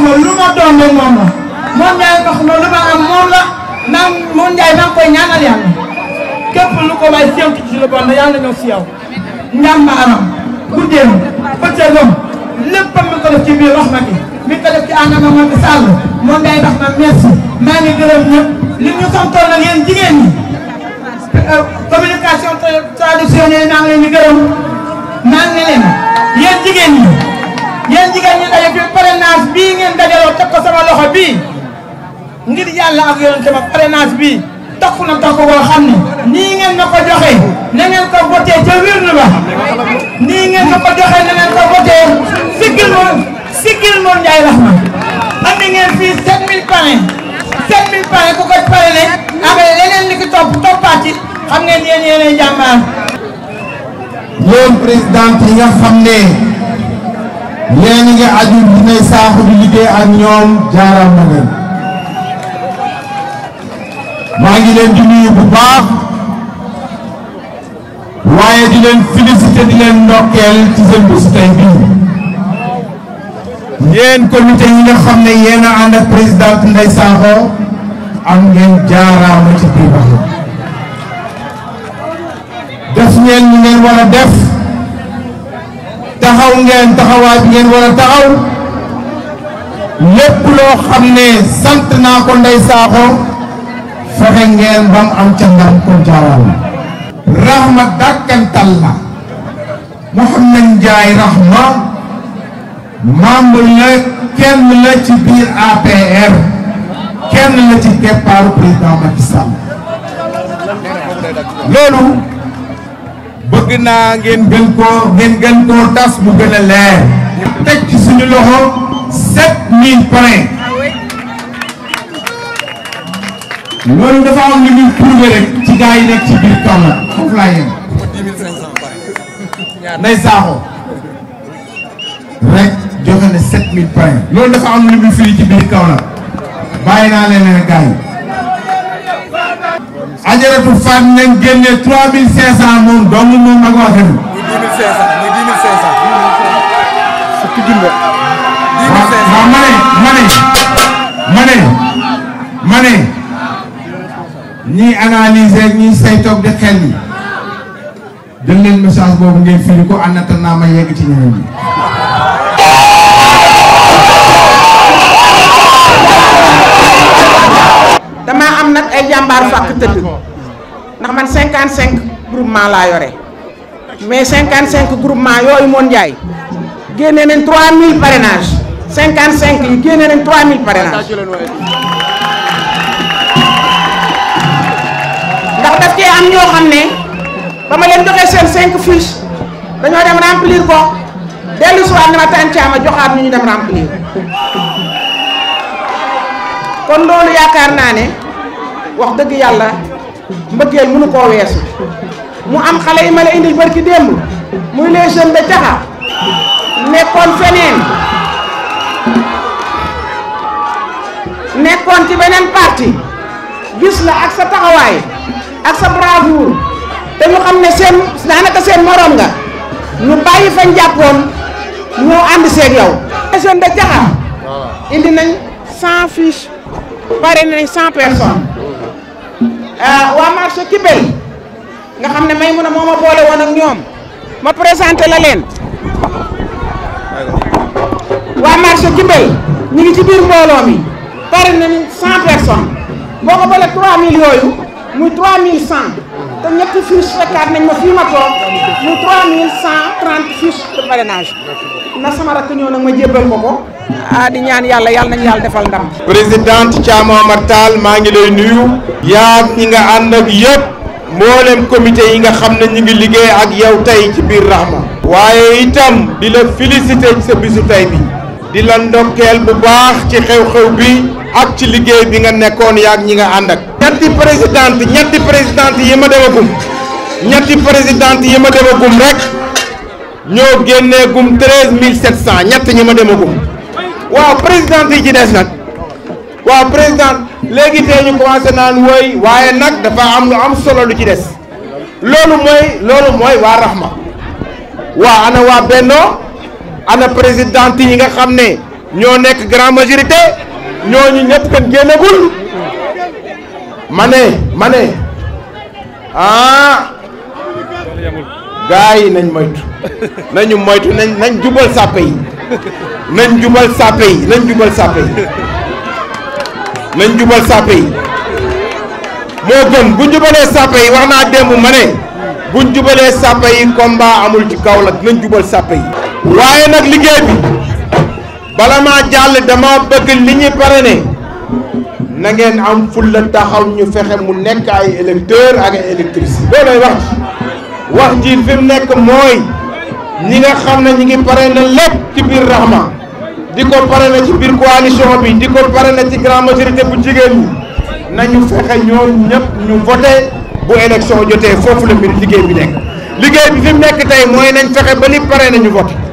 ma lu ma doon rek moom la moom Ndiaye wax ma lu ma am moom la naam koy ñaanal yàlla képp lu ko may séntu ci lu bon la yàlla ñëw si yow. ñam ma aram guddeem mi ko def ci biir wax mi ko def ci àndama moom i sàll moom Ndiaye wax ma merci maa ngi gërëm ñëpp li ñu santoon nag yéen jigéen ñi euh, communication traditionnelle maa ngi leen gërëm maa ngi leen yéen yéen jigéen ñi daje fi parrainage bii ngeen dajaloo te ko sama loxo bii ngir yàlla ak yonente ma parrainage bii takku na takku boo xam ne nii ngeen na ko joxe na ngeen ko votee ca wirnu ba nii ngeen na ko joxe na ngeen ko votee siggil moon siggil moon Ndiaye Rahma andi ngeen fii 7000 parrain 7000 parrain ku koy parrainé ak leneen li ko topp toppaat ci xam ngeen yéen yéenay jàmbaar. loolu président yi nga xam ne. leen nga aju li saaxu di liggéey ak ñoom jaaraam na leen maa ngi leen di nuyu bu baax waaye di leen félicité di leen ndokkeel ci seen bés tey bii yéen comité yi nga xam ne yéen ànd ak présidente Ndeye Sakho am ngeen jaaraama ci biir wax def ngeen li ngeen war a def taxaw ngeen taxawaay bi ngeen war a taxaw lépp loo xam ne sant naa ko Ndeye Sakho fexe ngeen bam am ca ndam kon jaawal rahma dàkkantal la Mouhamed Ndiaye rahma membre la kenn la ci biir APR kenn la ci keppaaru président Macky Sall loolu bëgg naa ngeen gën koo ngeen gën koo tas bu gën a leer. ñu teg suñu loxo 7000 points. loolu dafa am lu ñuy prouvé rek ci gars yi nekk ci biir Kaolack foofu laa yem. Ndeye Sakho rek joxe na 7000 points. loolu dafa am lu muy firi ci biir Kaolack bàyyi naa leen ne gars yi. ajaratu Fane nañ génne 3500 moom dong moom ak waa Sénégal. muy 10500 muy 10500. fukki junne. 10500 waaw say toog di xel yi jël leen message boobu ngeen firi ko ànnata naa ma yegg ci ñeneen ñi. ay jambar fàkk teud ndax man 55 groupement la yoré mais 55 groupement yoy mon jaay génne nañ 3000 parrainage 55 yi génne nañ 3000 parrainage ndax daf ci am ñoo xamné bama leen joxee sen 5 fiches dañu dem remplir ko delu si wat ne ma tànn caa joxat ñu dem remplir kon lolu yaakaar naa ne wax dëgg yàlla mbëggeel munu ko wessu mu am xalé yi ma indi barki dem muy les jeunes de taxa nekkon fenen nekkon ci benen parti gis la ak sa taxaway ak sa bravoure te ñu xamne sen seen daanaka seen morom nga ñu bayyi fa fañ ñu and ci ak yow. les jeunes de taxa indi nañ 100 fiches pare nañ cent personnes. Ah, waa marché Kibel nga xam ne may mun a moo ma boole woon ak ñoom ma présenté la leen waa marché Kibel ñu ngi ci biir mbooloo mi pare nañu cent personnes boo ko boolee trois mille yooyu muy trois te ñetti fiches fekkaat nañ ma fii ma toog mu na sama rakk ñëw nag ma jébbal ko ko ah di ñaan yàlla yàlla nañu yàlla defal ndam. présidente Thiam Omar Tall maa ngi lay nuyu. yaa ñi nga ànd ak yëpp mboolem comité yi nga xam ne ñu ngi liggéey ak yow tey ci biir Rahma. waaye itam di la féliciter ci sa bisu tey bi di la ndokkeel bu baax ci xew-xew bi ak ci liggéey bi nga nekkoon yaa ñi nga ànd ak. ñetti présidente ñetti présidente yi ma demagum ñetti présidente yi ma demagum rek ñoo génneegum treize mille sept cent ñett ñi ma demagum waaw présidente yi ci des nag waaw présidente léegi tey ñu commencé naan wooy waaye nag dafa am lu am solo lu ci des loolu mooy loolu mooy waa Rahma waa ana waa Benno ana présidente yi nga xam ne ñoo nekk grand majorité ñooñu ñett kat génnagul mane mane ma ah. ne yi nañ moytu nañu nañ nañ jubal sàppe yi nañ jubal sàppe nañ jubal sàppe yi nañ jubal sàppe yi moo gën bu jubalee sàppe yi wax naa démb ma ne buñ jubalee sàppe amul ci kaw lak nañ jubal sàppe yi waaye nag liggéey bi bala maa jàll dama bëgg li ñuy ne na ngeen am fulla taxaw ñu fexe mu nekk ay électeur ak ay électrice loolooy wax ji wax ji fi mu nekk mooy ñi nga xam ne ñi ngi pare na lépp ci biir Rahma di ko pare na ci biir coalition bi di ko pare na ci grande majorité bu jigéen ñi nañu fexe ñoom ñëpp ñu voté bu élection jotee foofu la mbir liggéey bi nekk liggéey bi fi mu nekk tey mooy nañ fexe ba ni pare nañu voté